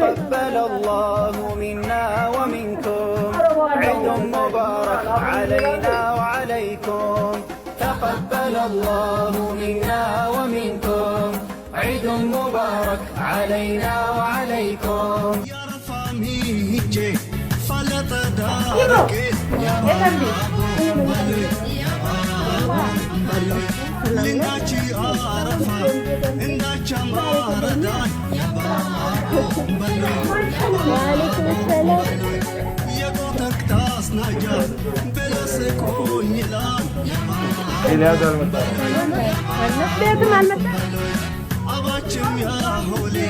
تقبل الله منا ومنكم عيد مبارك علينا وعليكم تقبل الله منا ومنكم عيد مبارك علينا وعليكم يا رفامي دارك يا رب لنجي عرفة إنك مرضان Aleykümselam. Elia Darmata. Anlat verdim anlat. Abacım ya holi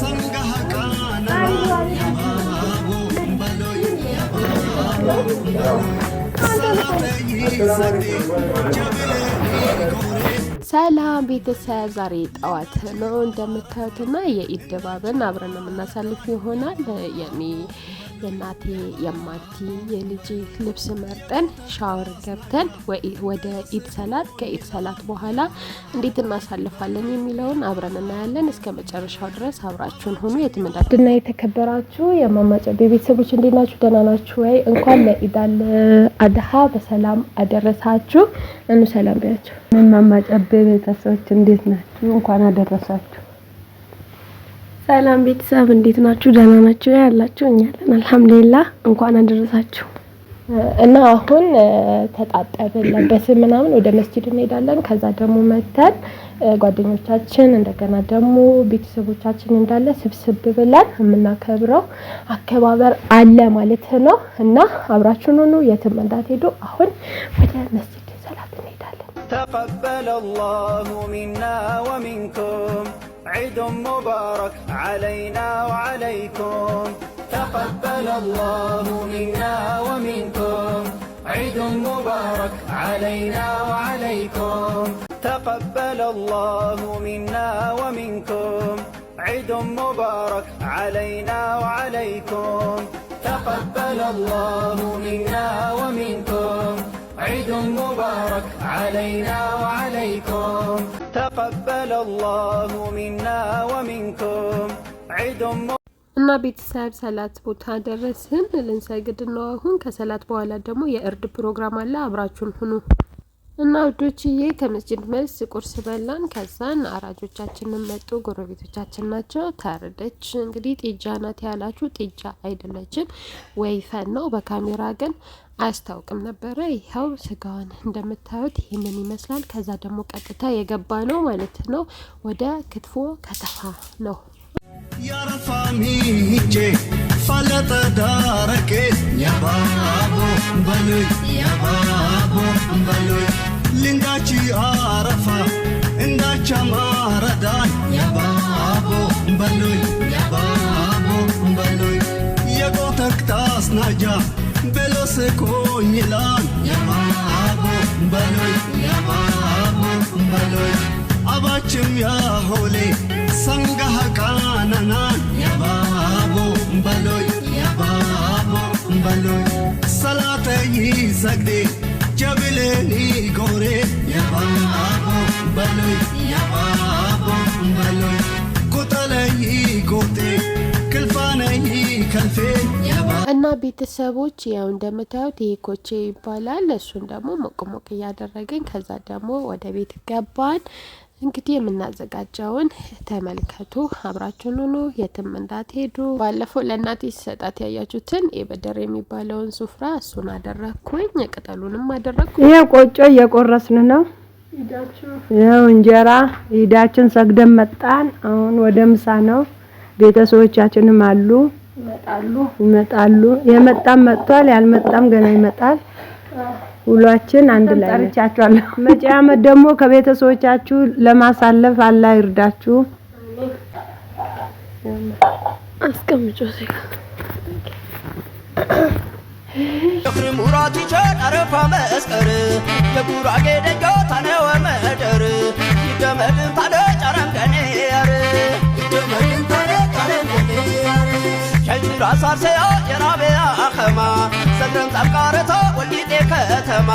sangaha kana Sana peyi sadi cebele ሰላም ቤተሰብ ዛሬ ጠዋት ነው እንደምታዩትና የኢድ ድባብን አብረን የምናሳልፍ ይሆናል የኔ የእናቴ የማቲ የልጅ ልብስ መርጠን ሻወር ገብተን ወደ ኢድ ሰላት ከኢድ ሰላት በኋላ እንዴት እናሳልፋለን የሚለውን አብረን እናያለን። እስከ መጨረሻው ድረስ አብራችሁን ሆኑ። የትምዳ ድና የተከበራችሁ የማማጫ ቤተሰቦች እንዴት ናችሁ? ደህና ናችሁ ወይ? እንኳን ለኢዳል አል አድሃ በሰላም አደረሳችሁ። እኑ ሰላም ቢያችሁ ምን ማማጫ ቤተሰቦች እንዴት ናችሁ? እንኳን አደረሳችሁ። ሰላም ቤተሰብ እንዴት ናችሁ? ደህና ናችሁ ያላችሁ? እኛ አለን አልሐምዱሊላህ። እንኳን አደረሳችሁ። እና አሁን ተጣጠብን፣ ለበስን ምናምን ወደ መስጂድ እንሄዳለን። ከዛ ደግሞ መተን ጓደኞቻችን እንደገና ደግሞ ቤተሰቦቻችን እንዳለ ስብስብ ብለን የምናከብረው አከባበር አለ ማለት ነው። እና አብራችሁን ሁኑ፣ የትም እንዳትሄዱ። አሁን ወደ መስጂድ ሰላት እንሄዳለን። ተቀበለ አላሁ ሚና ወሚንኩም عيد مبارك علينا وعليكم تقبل الله منا ومنكم عيد مبارك علينا وعليكم تقبل الله منا ومنكم عيد مبارك علينا وعليكم تقبل الله منا ومنكم عيد مبارك علينا وعليكم تقبل الله ሚና ومنكم عيد እና ቤተሰብ ሰላት ቦታ ደረስን። ልንሰግድ ነው አሁን። ከሰላት በኋላ ደግሞ የእርድ ፕሮግራም አለ። አብራችሁን ሁኑ እና ውዶችዬ። ከመስጅድ መልስ ቁርስ በላን። ከዛን አራጆቻችንን መጡ። ጎረቤቶቻችን ናቸው። ታረደች እንግዲህ ጤጃ ናት ያላችሁ ጤጃ አይደለችም፣ ወይፈን ነው በካሜራ ግን አያስታውቅም ነበረ። ይኸው ስጋዋን እንደምታዩት ይህንን ይመስላል። ከዛ ደግሞ ቀጥታ የገባ ነው ማለት ነው ወደ ክትፎ ከተፋ ነው። ልንጋቺ አረፋ እንዳቻማ ረዳን ያባቦ በሎይ ያባቦ በሎይ ናጃ አስቆኝ ይላል የማቦ በሎይ የማቦ በሎይ አባችም ያሆሌ ሰንጋሃ ቃናና የማቦ በሎይ የማቦ በሎይ ሰላተይ ሰግዴ ጀብሌኒ ጎሬ የማቦ በሎይ የማቦ በሎይ ቁጠለይ ጎጤ እና ቤተሰቦች ያው እንደምታዩት ይሄ ኮቼ ይባላል። እሱን ደግሞ ሞቅ ሞቅ እያደረግን ከዛ ደግሞ ወደ ቤት ገባን። እንግዲህ የምናዘጋጀውን ተመልከቱ፣ አብራችን ሁኑ፣ የትም እንዳትሄዱ። ባለፈው ለእናቴ ሲሰጣት ያያችሁትን የበደር የሚባለውን ሱፍራ እሱን አደረግኩኝ፣ ቅጠሉንም አደረግኩ። ይሄ ቆጮ እየቆረስን ነው። ይኸው እንጀራ ሂዳችን ሰግደን መጣን። አሁን ወደ ምሳ ነው። ቤተሰቦቻችንም አሉ ይመጣሉ። የመጣም መጥቷል፣ ያልመጣም ገና ይመጣል። ውሏችን አንድ ላይ ጠርቻችኋለሁ። መጪ ዓመት ደግሞ ከቤተሰቦቻችሁ ለማሳለፍ አላ ይርዳችሁ። አስቀምጮ የጉራጌ መደር ታለ ራሷርሴዮ የራቤያ አኸማ ሰድረም ጻፍቃረቶ ወልዲጤ ከተማ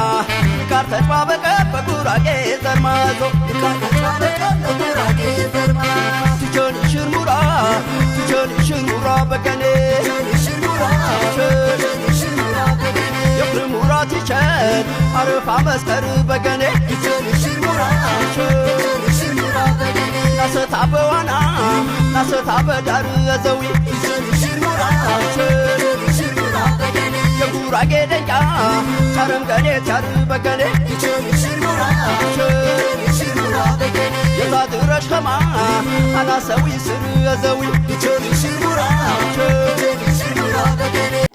ይካር ተጭባበቀ በጉራጌ ዘርማዞ ትጆን ሽርሙራ ትጆን ሽርሙራ በገኔ የፍርሙራ ትቸን አረፋ መስከር በገኔ ናሰታ በዋና ናሰታ በዳር ዘዊ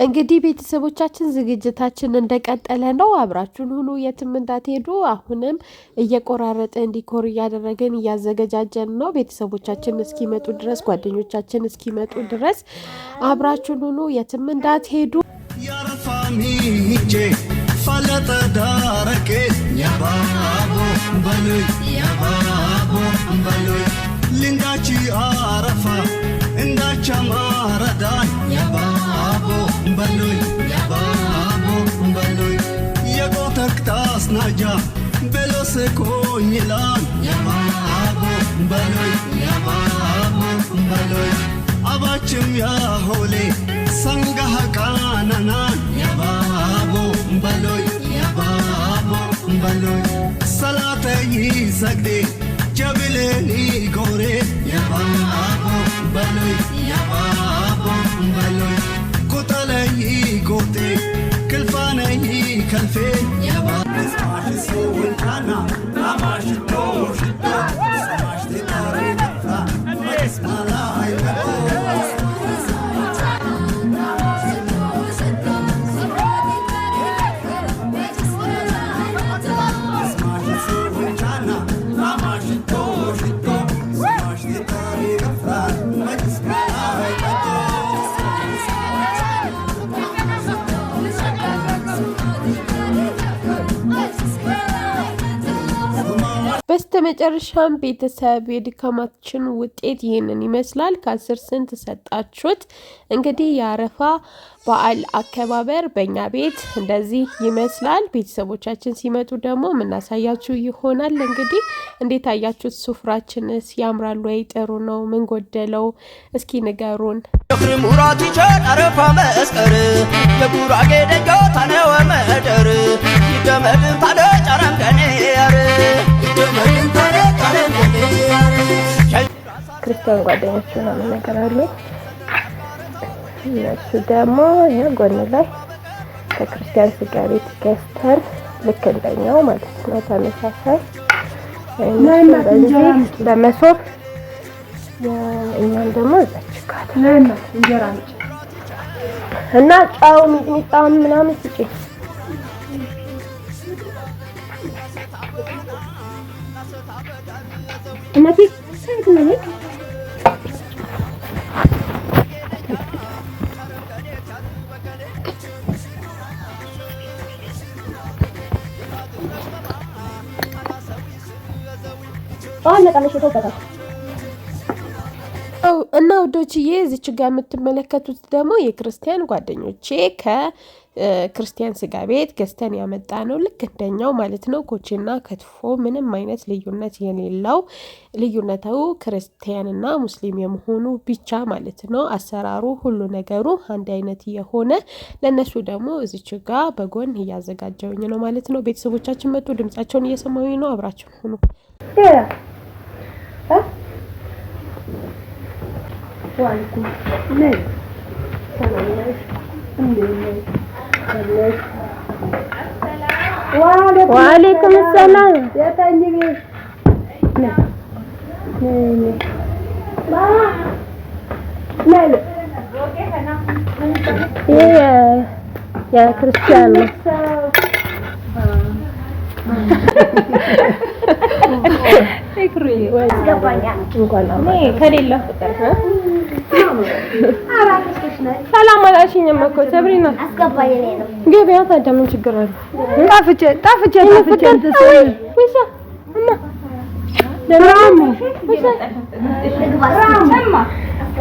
እንግዲህ ቤተሰቦቻችን ዝግጅታችን እንደቀጠለ ነው። አብራችሁን ሁኑ፣ የትም እንዳትሄዱ። አሁንም እየቆራረጠ እንዲኮር እያደረግን እያዘገጃጀን ነው። ቤተሰቦቻችን እስኪመጡ ድረስ፣ ጓደኞቻችን እስኪመጡ ድረስ አብራችሁን ሁኑ፣ የትም እንዳትሄዱ። famice falata darake yababo baloy yababo baloy lindachi arafa indachamaradan yababo baloy yababo baloy yagotaktas naja belose konyilan yababo baloy yababo baloy abachim ya hole sangah kanana ya babo baloy ya babo baloy salate yi sagde jabile ni gore ya babo baloy ya babo መጨረሻም ቤተሰብ የድካማችን ውጤት ይህንን ይመስላል። ከአስር ስንት ሰጣችሁት? እንግዲህ የአረፋ በዓል አከባበር በእኛ ቤት እንደዚህ ይመስላል። ቤተሰቦቻችን ሲመጡ ደግሞ የምናሳያችሁ ይሆናል። እንግዲህ እንዴት አያችሁት? ሱፍራችንስ ያምራሉ ወይ? ጥሩ ነው? ምን ጎደለው? እስኪ ንገሩን። ሙራት አረፋ መስቀር የጉራጌ ያር ክርስቲያን ጓደኞች ምናምን ነገር አሉ። እነሱ ደግሞ ይሄ ጎን ላይ ከክርስቲያን ስጋ ቤት ገዝተን ልክ እንደኛው ማለት ነው ተመሳሳይ በመሶብ እኛም ደግሞ እዛችካት እና ጫው ሚጥሚጣውን ምናምን ስጪ আমাকে Oh, me también su ropa. እና ውዶችዬ እዚች ጋር የምትመለከቱት ደግሞ የክርስቲያን ጓደኞቼ ከክርስቲያን ስጋ ቤት ገዝተን ያመጣ ነው። ልክ እንደኛው ማለት ነው። ኮቼና ከትፎ ምንም አይነት ልዩነት የሌለው ልዩነቱ ክርስቲያንና ሙስሊም የመሆኑ ብቻ ማለት ነው። አሰራሩ፣ ሁሉ ነገሩ አንድ አይነት የሆነ ለእነሱ ደግሞ እዚች ጋ በጎን እያዘጋጀውኝ ነው ማለት ነው። ቤተሰቦቻችን መጡ። ድምጻቸውን እየሰማኝ ነው። አብራችን ሁኑ። Waalaikum. nih Selamünaleyküm. Ya tanya ni. nih. Ba. Nel. Iya. Ya Cristiano. አፍሬ ሰላም አላልሽኝም እኮ ሰብሪና፣ ምን ችግር አለ? ጣፍቼ ጣፍቼ ጣፍቼ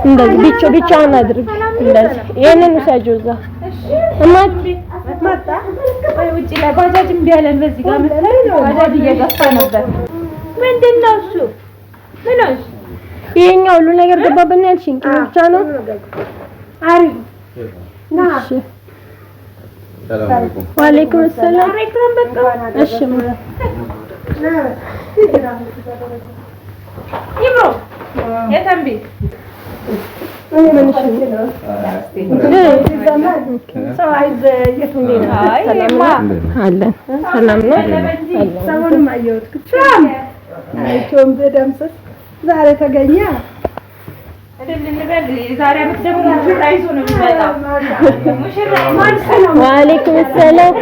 እንደዚህ ብቻ ብቻውን አድርግ። እንደዚህ ይሄንን ውሰጂው እዛ እማት ውጭ ላይ ባጃጅ እምቢ አለን። በዚህ ጋር ባጃጅ እየገፋ ነበር። ምንድን ነው እሱ? ምንስ ይሄኛው ሁሉ ነገር ገባብና ያልሽኝ ቅቤ ብቻ ነው። አሪፍ ና። ዋሌኩም ሰላም። እሺ ሰላም ነው። አይቶም በደምስስ ዛሬ ተገኘ ዋሌኩም ሰላም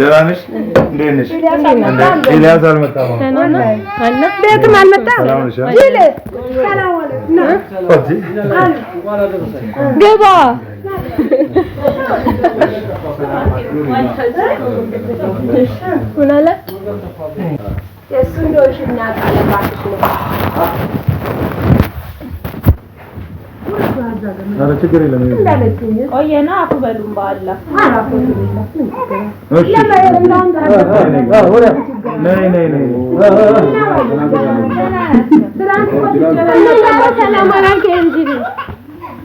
ደህና ነሽ? እንዴት ነሽ? ኤልያስ አልመጣም አለ ቤትም አልመጣም። ምን አለ የእሱ እንደሆንሽ ኧረ ችግር የለም። ቆየና አፉ በሉም በኋላ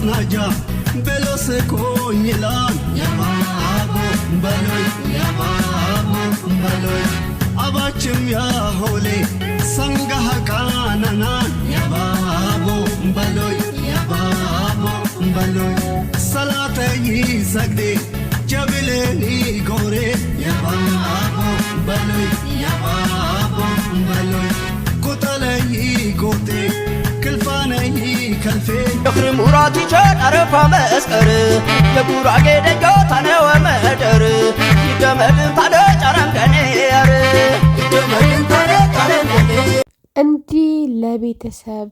ማስናጃ ብሎ ስቆኝ ይላል ያባቦ በሎይ ያባቦ በሎይ አባችም ያሆሌ ሰንጋሃ ቃናና ያባቦ በሎይ ያባቦ በሎይ ሰላተይ ሰግዴ ጀብሌኒ ጎሬ ያባቦ በሎይ ያባቦ በሎይ ከልፌ መስቀር የጉራጌ መደር እንዲህ ለቤተሰብ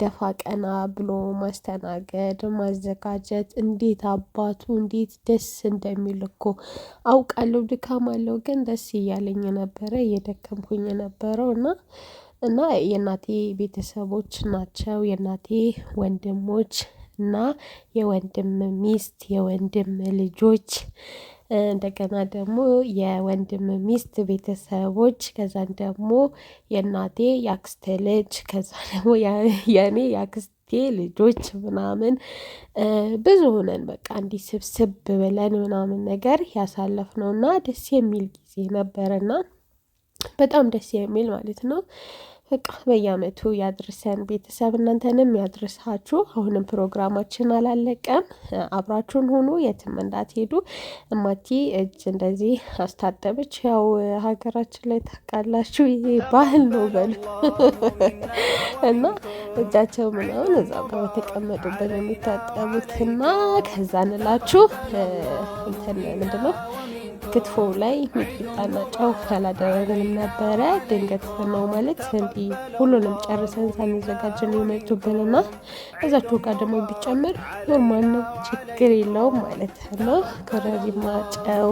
ደፋ ቀና ብሎ ማስተናገድ ማዘጋጀት እንዴት አባቱ እንዴት ደስ እንደሚል እኮ አውቃለሁ። ድካም አለው፣ ግን ደስ እያለኝ ነበረ እየደከምኩኝ ነበረው እና እና የእናቴ ቤተሰቦች ናቸው የእናቴ ወንድሞች እና የወንድም ሚስት የወንድም ልጆች እንደገና ደግሞ የወንድም ሚስት ቤተሰቦች ከዛን ደግሞ የእናቴ የአክስቴ ልጅ ከዛ ደግሞ የኔ የአክስቴ ልጆች ምናምን ብዙ ሆነን በቃ እንዲህ ስብስብ ብለን ምናምን ነገር ያሳለፍ እና ደስ የሚል ጊዜ ነበረና በጣም ደስ የሚል ማለት ነው። በቃ በየአመቱ ያድርሰን ቤተሰብ፣ እናንተንም ያድርሳችሁ። አሁንም ፕሮግራማችን አላለቀም፣ አብራችሁን ሁኑ፣ የትም እንዳትሄዱ። እማቲ እጅ እንደዚህ አስታጠበች። ያው ሀገራችን ላይ ታውቃላችሁ፣ ይሄ ባህል ነው በሉ እና እጃቸው ምናምን እዛ ጋር በተቀመጡበት የሚታጠቡትና ከዛ ንላችሁ እንትን ምንድነው ክትፎ ላይ ሚጥሚጣና ጨው ካላደረግንም ነበረ። ድንገት ነው ማለት እንዲህ ሁሉንም ጨርሰን ሳንዘጋጅን የመጡብንና እዛችሁ ጋር ደግሞ ቢጨምር ኖርማል ነው፣ ችግር የለውም ማለት ነው። ኮረሪማ ጨው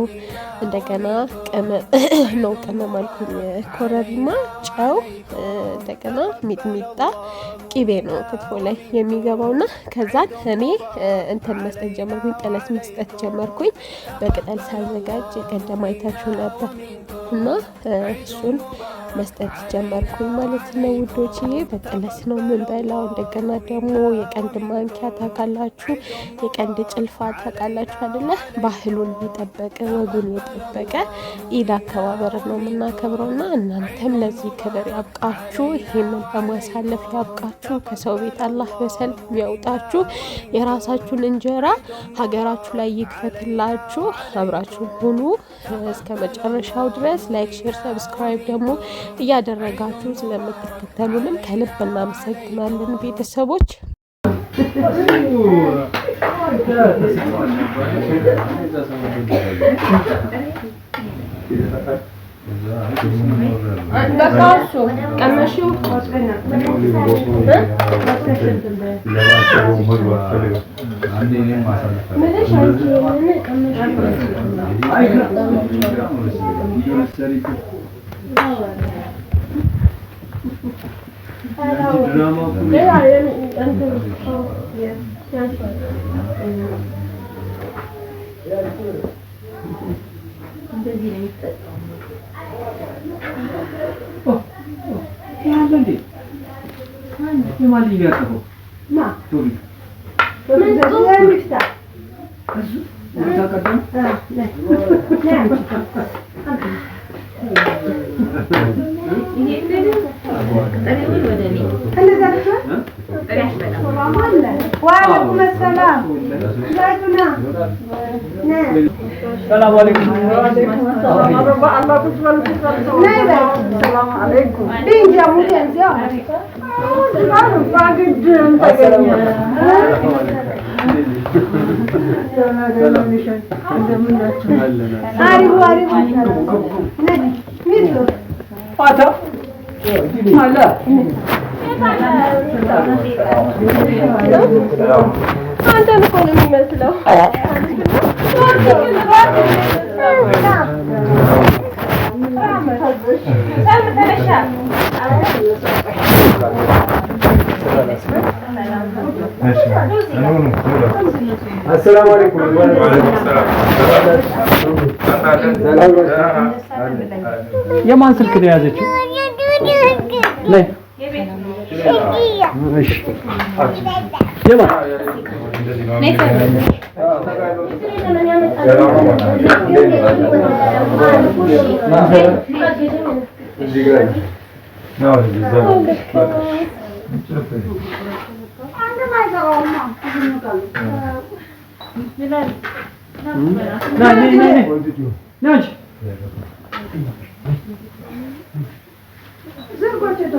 እንደገና ቅመም ነው፣ ቅመም አልኩኝ። ኮረሪማ ጨው እንደገና ሚጥሚጣ ቂቤ ነው ክትፎ ላይ ና ከዛን እኔ እንትን መስጠት ጀመርኩኝ፣ ጥለት መስጠት ጀመርኩኝ። በቅጠል ሳዘጋጅ ቀደም አይታችሁ ነበር። እና እሱን መስጠት ጀመርኩኝ ማለት ነው ውዶችዬ። በጥብስ ነው የምንበላው። እንደገና ደግሞ የቀንድ ማንኪያ ታውቃላችሁ፣ የቀንድ ጭልፋ ታውቃላችሁ አይደለ? ባህሉን የጠበቀ ወጉን የጠበቀ ኢድ አከባበር ነው የምናከብረው እና እናንተም ለዚህ ክብር ያብቃችሁ፣ ይህንን በማሳለፍ ያብቃችሁ፣ ከሰው ቤት አላህ በሰልፍ ያውጣችሁ፣ የራሳችሁን እንጀራ ሀገራችሁ ላይ ይክፈትላችሁ። አብራችሁ ሁኑ እስከ መጨረሻው ድረስ ድረስ ላይክ፣ ሼር፣ ሰብስክራይብ ደግሞ እያደረጋችሁ ስለምትከተሉንም ከልብ እናመሰግናለን ቤተሰቦች። Bakalım. Anlaşıyor. Thank you. Гэнди. И мали вятого. Ма. Тури. Мен зулмuşsa. Ne kadın? Ha, ne? Ne? هلا دكتور؟ رحمة الله وعليكم السلام. شلونك؟ ሰላም አለይኩም። ሰላም çantanı koydum mesela. Evet. Esselamu Aleyküm. Aleyküm selam. Yaman sırkı ne yazıyor? Ne? Yemek. Devam. Neyse. Ne yapacağız? Ne ne ne ne? Ne aç? Zırh koyacağız o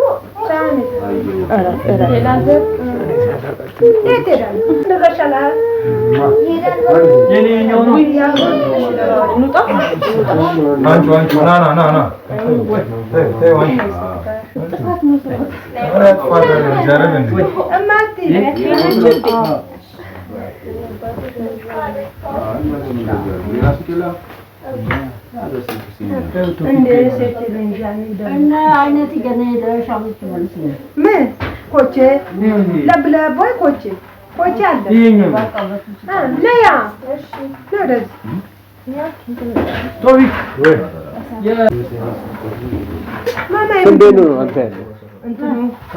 ና ምን ኮቼ ለብለ ቦይ ኮቼ ኮቼ አለ ለያ ለወደዚህ ቶቢክ እንዴት ነው አንተ ያለው እንትኑ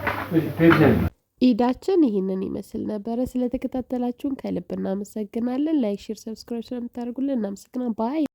ኢዳችን ይህንን ይመስል ነበረ። ስለተከታተላችሁን ከልብ እናመሰግናለን። ላይክ፣ ሼር፣ ሰብስክራይብ ስለምታደርጉልን እናመሰግናለን። ባይ